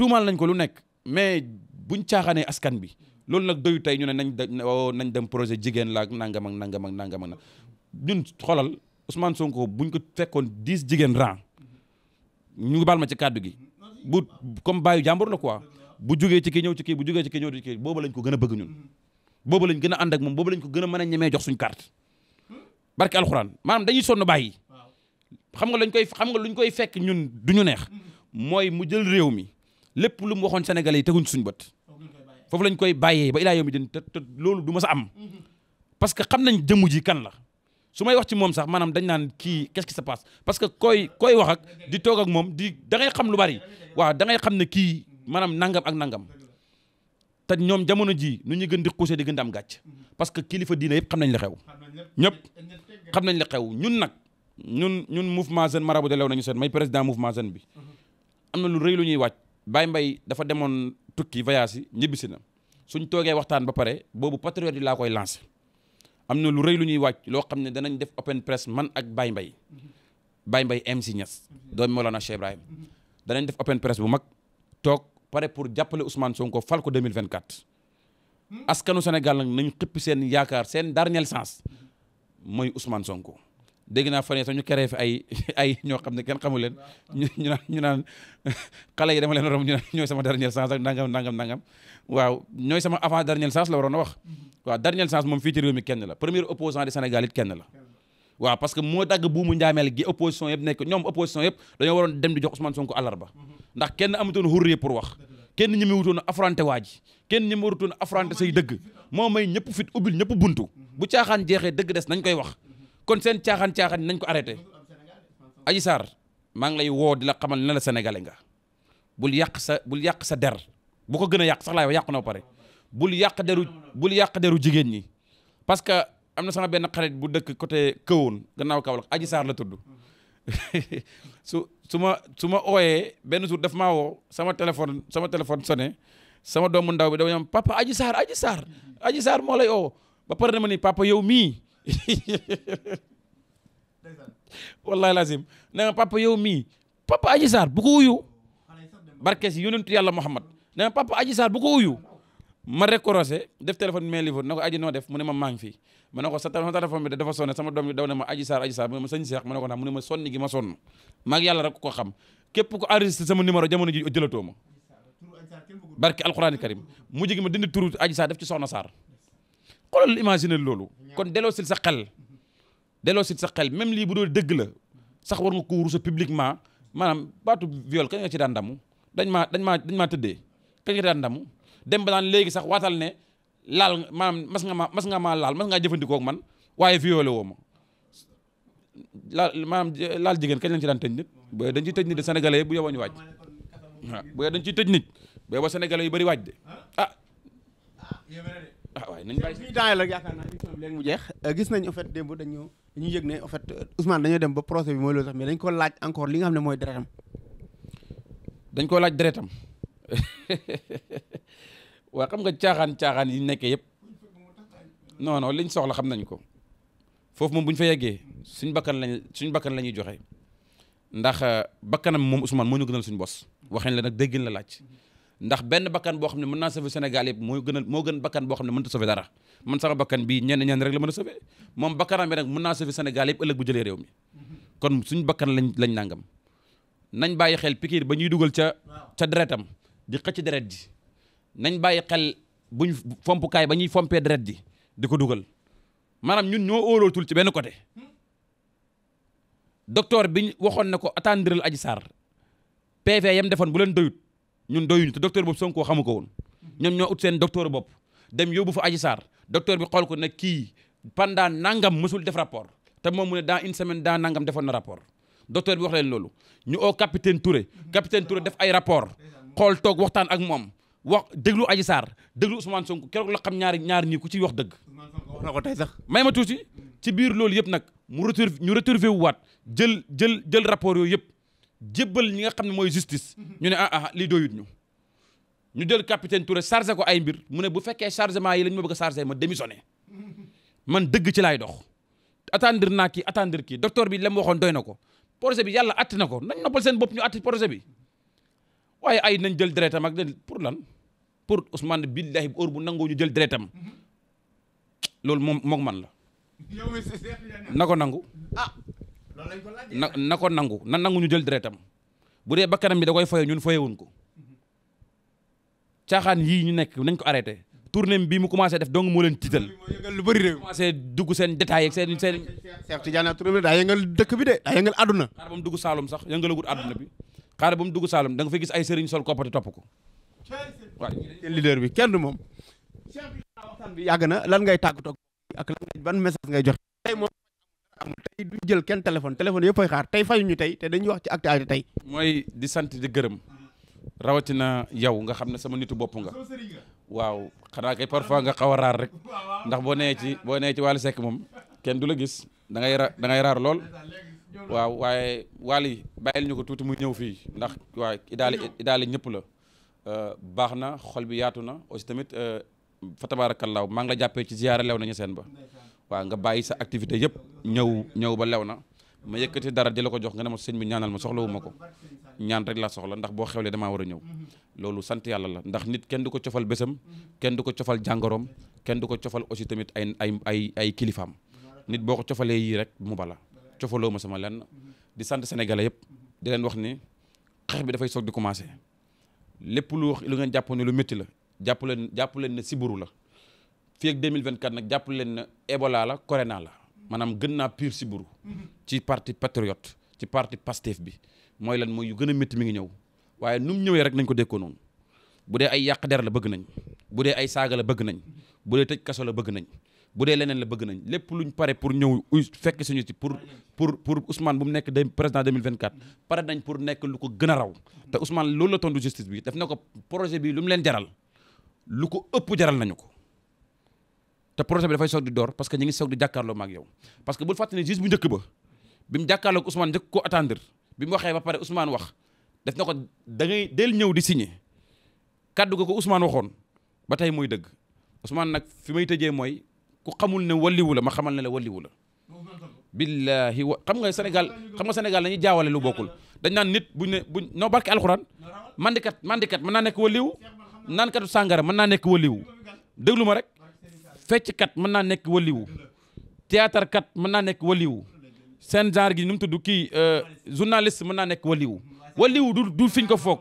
tuumaal nañ ko lu nekk mais buñ caaxaanee askan bi loolu nag doyu tey ñu ne nañ oh, nañ dem projet jigéen la ak nangam ak nangam ak nangam ak ñun xoolal Ousmane Sonko buñ ko fekkoon diis jigéen rang ñu ngi baal ma ci kàddu gi bu comme baayu jàmbur la quoi bu jugee ci kii ñëw kii bu jugee ci ñëw ci kii boobu lañ ko gën a bëgg ñun. boobu lañ gën a ànd ak moom boobu lañ ko gën a mën a ñemee jox suñ carte barke alxuraan maanaam dañuy sonn bàyyi xam nga lañ koy xam nga luñ koy fekk ñun du ñu neex mm-hmm. mooy mu jël réew mi. lépp lu mu waxoon sénégalais yi teguñ suñu bat foofu lañ koy bàyyee ba ilaa yow mi din te te loolu du ma sa am parce que xam nañ jëmm ji kan la su may wax ci moom sax maanaam dañ naan kii qu'est-ce qui se passe parce que koy koy wax ak di toog ak moom di da xam lu bari waaw dangay xam ne kii maanaam nangam ak nangam te ñoom jamono ji nu ñuy gën di xuuse di gën di am gàcc parce que kilifa diine yëpp xam nañ li xew ñëpp xam nañ li xew ñun nag ñun ñun mouvement jeune marabout de lew nañu seen may président mouvement jeune bi am na lu rëy lu ñuy wàcc Baye Mbaye dafa demoon tukki voyage yi ñibbisi na suñ toogee waxtaan ba pare boobu patriote yi laa koy lancé am na lu rëy lu ñuy wàcc loo xam ne danañ def open press man ak Baye Mbaye Baye Mbaye MC Niass doomi Mawlana Cheikh Ibrahim danañ def open press bu mag toog pare pour jàppale Ousmane Sonko fal ko 2024 askanu Sénégal nag nañ xëpp seen yaakaar seen dernier sens mooy Ousmane Sonko dégg naa fan yii ñu créé fi ay ñoo xam ne kenn xamu leen ñu ñu naan ñu naan xale yi dama leen romb ñu naan ñooy sama dernière chance ak nangam nangam nangam waaw ñooy sama avant dernière chance la waroon a wax waaw dernière chance moom fii ci réew mi kenn la premier opposant du Sénégal it kenn la. waaw parce que moo dagg buumu njaameel gi opposition yëpp nekk ñoom opposition yëpp dañoo waroon dem di jox Ousmane Sonko àllarba ndax kenn amatoon hurrier pour wax kenn ñi ñëpp fit ubbil ñëpp bu caaxaan jeexee dëgg des nañ koy wax kon seen caaxaan caaxaan nañ ko arrêté Adji Sarr maa ngi lay woo di la xamal ne la sénégalais nga bul yàq sa bul yàq sa der bu ko gën a yàq sax laay wax na ba pare bul yàq deru bul yàq deru jigéen ñi parce que am na sama benn xarit bu dëkk côté Kahone gannaaw Kaolack Adji saar la tudd su su ma su ma ooyee benn jour daf maa woo sama téléphone sama téléphone sonné sama doomu ndaw bi dama ñam papa Adji Sarr Adji Sarr Adji Sarr moo lay oo ba pare na ma ni papa yow mii wallahi lazim na nga papa yow mii papa Adji Sarr bu ko wuyu barke si yonentu yàlla Muhammad na nga papa Adji Sarr bu ko wuyu ma recorosé def téléphone bi may livre na ko aji noo def mu ne ma maa ngi fii ma ne ko sa téléphone bi dafa sonné sama doom bi daw ne ma Adji Sarr Adji Sarr mu ne ma sëñ Cheikh ko naa mu ne ma sonni gi ma sonn maag yàlla rek ko xam képp ko enregistré sama numéro jamono ji jëlatoo ma barke alquraan karim mu gi ma dindi turu Adji Sarr def ci soxna Sarr xoolal imaginer loolu kon delloo sil sa xel delloo sil xel même lii bu doon dëgg la sax war nga ko rusa publiquement maanaam baatu viol kañ nga ci daan damu dañ maa dañ maa dañ maa tëddee kañ dem ba daan léegi sax waatal ne laal maam mas nga ma mas nga maa laal mas ngaa jëfandikoo ak man waaye violé woo ma laal maanaam laal jigéen kañ lañ ci daan tëj nit bu dañ ciy tëj nit bu yowoo ñu waaj bu dañ ciy tëj nit bu yowoo sénégalais yu bëri waaj de ah, ah. ah ah nañ nañu bàyyi temps yi la yaakaar naa émission mu jeex euh, gis nañ fait démb dañu dañu yëg ne en fait euh, Ousmane dem ba procès bi mooy loolu sax mais dañ ko laaj encore li nga xam ne mooy deretam dañ ko laaj deretam waa xam nga caaxaan caaxaan yi nekkee yëpp non non liñ soxla xam nañ ko foofu moom bu fa yeggee suñ bakkan lañ suñ bakkan la ñuy joxe ndax euh, bakkanam moom Ousmane moo ñu gënal suñ bos waxeñ la nag déggin la laaj ndax benn bakkan boo xam ne mën naa sauver Sénégal yëpp moo gën a moo gën bakkan boo xam ne mënta sauver dara man sama bakkan bii ñenn ñenn rek la mën a moom bakkanam bi nag mën naa sauver Sénégal yëpp ëllëg bu jëlee réew mi kon suñ bakkan lañ lañ nangam nañ bàyyi xel pikiir ba ñuy dugal ca ca deretam di xëcc deret ji nañ bàyyi xel buñ fompukaay ba ñuy fompee deret ji di ko dugal maanaam ñun ñoo óolootul ci benn côté docteur bi waxoon na ko attendre Adji Sarr PV yam defoon bu leen doyut ñun doyuñu te docteur boobu Sonko xamu ko woon ñoom ñoo ut seen docteur bopp dem yóbbu fa Adji saar docteur bi xool ko ne kii pendant nangam masul def rapport te moom mu ne daa une semaine daa nangam defoon na rapport docteur bi wax leen loolu ñu oo capitaine Touré capitaine Touré def ay rapport xool toog waxtaan ak moom wax déglu Adji saar déglu Ousmane Sonko keroog la xam ñaari ñaar ñii ku ci wax dëgg. wax ko tey sax may ma tuuti ci biir loolu yëpp nag mu retrouve ñu retrouvé wu waat jël jël jël rapport yooyu yëpp. jébbal ñi nga xam ne mooy justice ñu ne ah ah lii doyut ñu ñu jël capitaine Touré chargé ko ay mbir mu ne bu fekkee chargement yi la ñu ma bëgg a ma démissionné man dëgg ci laay dox attendre naa kii attendre kii docteur bi lam waxoon doy na ko projet bi yàlla atti na ko nañ noppal seen bopp ñu atti projet bi waaye ay nañ jël deretam ak pour lan pour Ousmane billahi bu heure bu nangoo ñu jël deretam loolu moom man la na ko nangu ah, na na ko nangu na nangu ñu jël deretam bu dee bakkanam bi da koy foye ñun foyewuñ ko caaxaan yii ñu nekk nañ ko arrêté tournée bi mu commencé def donc moo leen tiital. lu bëri de commencé dugg seen détails ak seen seen. dëkk bi de daa yëngal àdduna. xaar ba sax yëngalagut àdduna bi xaar ba mu dugg Saalum da nga fay gis ay sëriñ sol koppati topp ko. waaw seen leader bi kenn du moom. waxtaan bi yàgg na lan ngay tàggatoo ak ban message ngay joxe. amul tey duñ jël kenn téléphone téléphone yëpp fay xaar tey fayuñu tey te dañuy wax ci actualité tey. mooy di sant di gërëm rawatina yow nga xam ne sama nitu bopp nga waaw xanaa kay parfois nga xaw a raar rek ndax boo nee ci boo nee ci Wally Seck moom kenn du la gis da ra da raar lool waaw waaye Wally bàyyil ñu ko tuuti mu ñëw fii ndax waaye idaali idaali ñëpp la euh, baax na xol bi yaatu na aussi tamit euh, fa tabaarakallaaw maa ngi la jàppee ci ziyaara lew nañu seen ba waaw nga bàyyi sa activité yëpp ñëw ñëw ba lew na ma yëkkati dara di la ko jox nga ne ma sëñ bi ñaanal ma soxlawu ma ko ñaan rek la soxla ndax boo xewlee damaa war a ñëw loolu sant yàlla la ndax nit kenn du ko cofal bésam kenn du ko cofal jàngoroom kenn du ko cofal aussi tamit ay ay ay ay kilifaam nit boo ko cofalee yii rek mu bala cofaloo ma sama lenn di sant sénégalais yëpp di leen wax ni xeex bi dafay soog di commencer lépp lu wax lu ngeen jàpp ne lu métti la jàpp leen jàpp leen ne siburu la fii ak 2024 nag jàpp leen ne Ebola la corona la maanaam gën naa pur si buru ci parti patriote ci parti Pastef bi mooy lan mooy yu gën a métti mi ngi ñëw waaye nu mu ñëwee rek nañ ko dékkoo noonu bu dee ay yàq der la bëgg nañ bu dee ay saaga la bëgg nañ bu dee tëj kaso la bëgg nañ bu dee leneen la bëgg nañ lépp lu ñu pare pour ñëw fekk suñu ci pour pour pour Ousmane bu mu nekk président 2024 pare nañ pour nekk lu ko gën a raw te Ousmane loolu la tontu justice bi def na ko projet bi lu mu leen jaral lu ko ëpp jaral nañu ko te projet bi dafay soog di door parce que ñu ngi soog di jàkkaarloo ma ak yow parce que bul fàttali ne bu njëkk ba bi mu jàkkaarloo ak Ousmane njëkk ko attendre bi mu waxee ba pare Ousmane wax def na ko da ngay del ñëw di signé kaddu ga ko Ousmane waxoon ba tey mooy dëgg Ousmane nag fi may tëjee mooy ku xamul ne walliwu la ma xamal ne la walliwu la billahi wa xam nga Sénégal xam nga Sénégal dañuy jaawale lu bokkul dañ naan nit buñ ne bu buñ noo barke alxuraan mandikat mandikat mën naa nekk walliwu naankatu sàngara mën naa nekk walliwu déglu fecckat mën naa nekk waliwu théâtre kat mën naa nekk waliwu seen genre gi nu mu tudd kii euh, journaliste mën naa nekk waliwu waliwu du du fiñ ko foog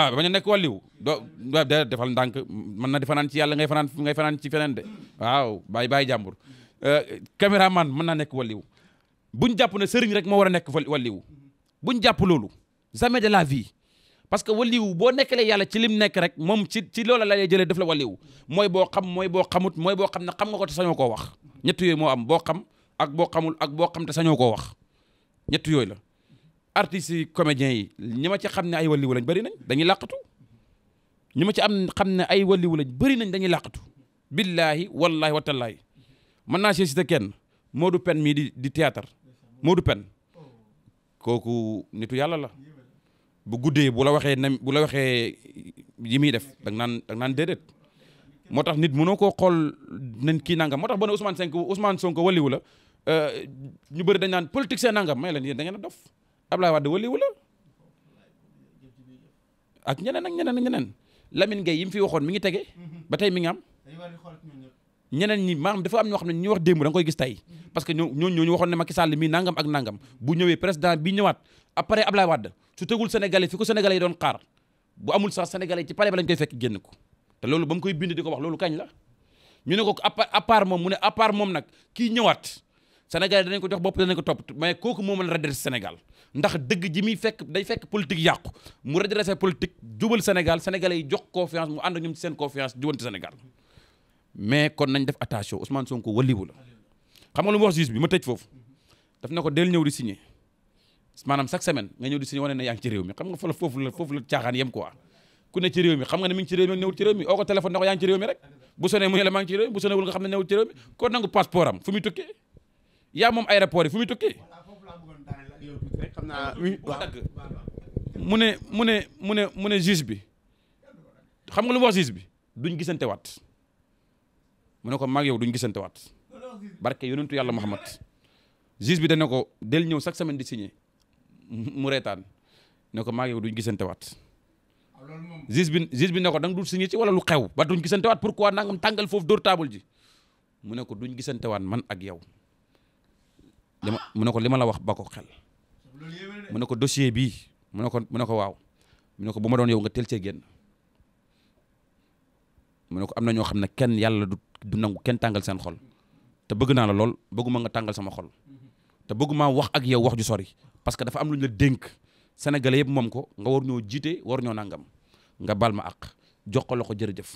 ah bañ a nekk waliwu do da defal ndànk mën na di fanaan ci yàlla ngay fanaan ngay fanaan ci feneen de waaw bàyyi bàyyi jàmbur euh, caméraman mën naa nekk waliwu buñ jàpp ne sëriñ rek moo war a nekk waliwu buñ jàpp loolu jamais de la vie parce que waliwu boo nekkalee yàlla ci lim nekk rek moom ci ci loola la lay jëlee def la waliwu mooy boo xam mooy boo xamut mooy boo xam ne xam nga ko te sañoo koo wax ñett yooyu moo am boo xam ak boo xamul ak boo xam te sañoo koo wax ñett yooyu la artistes yi yi ñi ma ci xam ne ay waliwu lañ bëri nañ dañuy làqatu ñi ma ci am xam ne ay waliwu lañ bëri nañ dañuy làqatu billaahi wallaahi watallaahi mën naa si kenn Modou Pen mii di di théâtre Modou Pen kooku nitu yàlla la bu guddee bu la waxee nam bu la waxee yi muy def da naan da nga naan moo tax nit munoo ko xool nañ kii nangam moo tax ba ne Ousmane Sonko Ousmane Sonko waliwu la euh, ñu bari dañ naan politique seen nangam may la yéen da a dof Ablaye Wade waliwu la ak ñeneen ak ñeneen ak ñeneen Lamine Gueye yi mu fi waxoon mi ngi tege ba tey mi ngi am ñeneen ñi maanaam dafa am ñoo xam ne ñu wax démb koy gis tey parce que ñoo ñooñu waxoon ne Macky Sall mii nangam ak nangam bu ñëwee président bi ñëwaat après Ablaye Wade su tegul sénégalais fi ko sénégalais doon xaar bu amul sax sénégalais ci palais ba lañ koy fekk génn ko te loolu ba mu koy bind di ko wax loolu kañ la ñu ne ko à part moom mu ne à part nag kii ñëwaat sénégalais danañ ko jox bopp danañ ko topp mais kooku moo mën redresser mu redresser politique jubal confiance mu ànd Sénégal mais kon nañ def attention Ousmane Sonko waliwu la xam nga lu mu wax juge bi ma tëj foofu daf na ko del ñëw di signer maanam chaque semaine nga ñëw di signé wane na yaa ngi ci réew mi xam nga fa la foofu la foofu la caaxaan yem quoi ku ne ci réew mi xam nga ne mi ngi ci réew mi ak newul ci mi oo ko téléphone ne ko yaa ngi ci mi rek bu sonné mu ne la maa ngi mi bu sonné wul nga xam ne newul ci réew mi ko nangu passeport am fu muy yaa moom aéroport yi fu mu ne mu ne mu ne mu ne juge bi xam nga lu mu wax juge bi duñ gisante waat mu ne ko mag yow duñ gisante waat barke yonentu yàlla Muhammad juge bi dana ko del ñëw chaque semaine di signé mu reetaan ne ko maa ngi yow duñ gisante waat ah, gis bi gis bi ne ko da nga ci wala lu xew ba duñ gisante waat pourquoi nangam tàngal foofu dóor taabal ji mu ne ko duñ gisante waat man ak yow li ma mu ne ko li ma la wax ba ko xel mu ne ko dossier bii mu ne mu ne ko waaw mu ne ko bu ma doon yow nga teel cee génn mu ne ko am na ñoo xam ne kenn yàlla du du nangu kenn tàngal seen xol te bëgg naa la lool bëgguma nga tàngal sama xol te bëgguma wax ak yow wax ju sori parce que dafa am lu ñu la dénk sénégalais yëpp moom ko nga war ñoo jiite war ñoo nangam nga bal ma ak jox ko loxo jërëjëf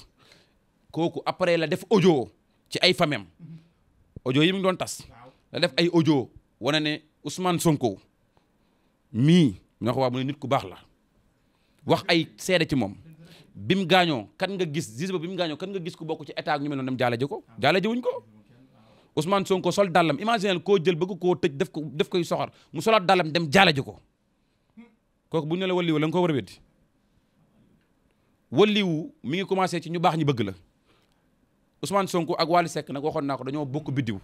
kooku après la def audio ci ay famem audio yi mu ngi doon tas la def ay audio wane ne Ousmane Sonko mii ñoo ko waa nit ku baax la wax ay seede ci moom bim gaañoo kan nga gis gis ba bim gaañoo kan nga gis ku bokk ci état ak ñu mel noonu dem jaale ji ko jaale ji ko Ousmane Sonko sol dàllam imaginer koo jël bëgg koo tëj def ko def koy soxor mu solaat daalam dem jaale ji ko kooku bu ñu ne la walliwu la nga ko war a weddi walliwu mi ngi commencé ci ñu baax ñi bëgg la Ousmane Sonko ak Wally sekk nag waxoon naa ko dañoo bokk biddiw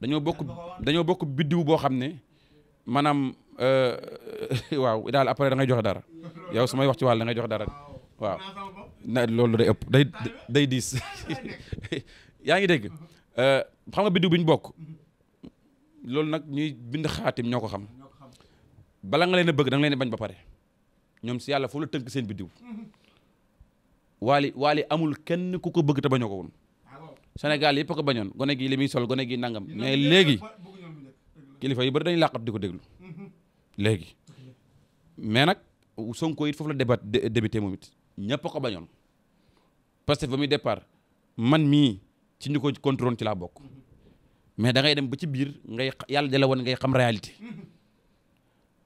dañoo bokk dañoo bokk biddiw boo xam ne maanaam euh, waaw daal après da ngay joxe dara yow su may wax ci wàll da ngay joxe dara waaw na loolu day ëpp day day diis yaa ngi dégg Euh, xam nga biddiw bi ñu bokk loolu nag ñuy bind xaatim ñoo ko xam bala nga leen bëgg da leen bañ ba pare ñoom si yàlla foofu la tënk seen biddiw waali waali amul kenn ku ko bëgg te bañoo ko woon Sénégal yëpp ko bañoon gone gi li muy sol gone gi nangam mais léegi kilifa yi bari dañuy làqat di ko déglu mhm. léegi mais nag Sonko it foofu la débat débuté moom it ñëpp ko bañoon parce que ba muy départ man mii. ci ñu ko contrôle ci laa bokk mais da dem ba ci biir ngay yàlla dala woon ngay xam réalité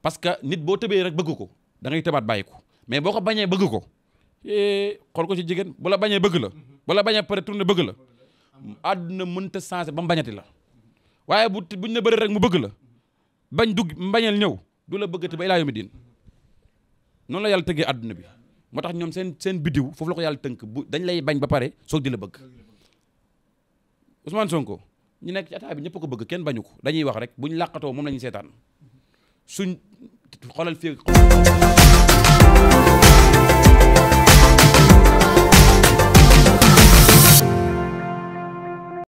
parce que nit boo tëbee rek bëgg ko da ngay tëbaat bàyyi ko mais boo ko bañee bëgg ko eh, xool ko ci jigéen bu la bañee bëgg la bañ la bañee pare tourné bëgg la àdduna mënta changé ba mu bañati la waaye bu buñ la bëri rek mu bëgg la bañ dugg mbañeel ñëw du la bëggati ba ilaa yomi diin noonu la yàlla tëggee àdduna bi moo tax ñoom seen seen biddiw foofu la ko yàlla tënk bu dañ lay bañ ba pare soog di la bëgg Ousmane Sonko ñu nekk ci ataa bi ñëpp ko bëgg kenn bañu ko dañuy wax rek bu ñu làqatoo moom la ñuy seetaan suñ xoolal fii.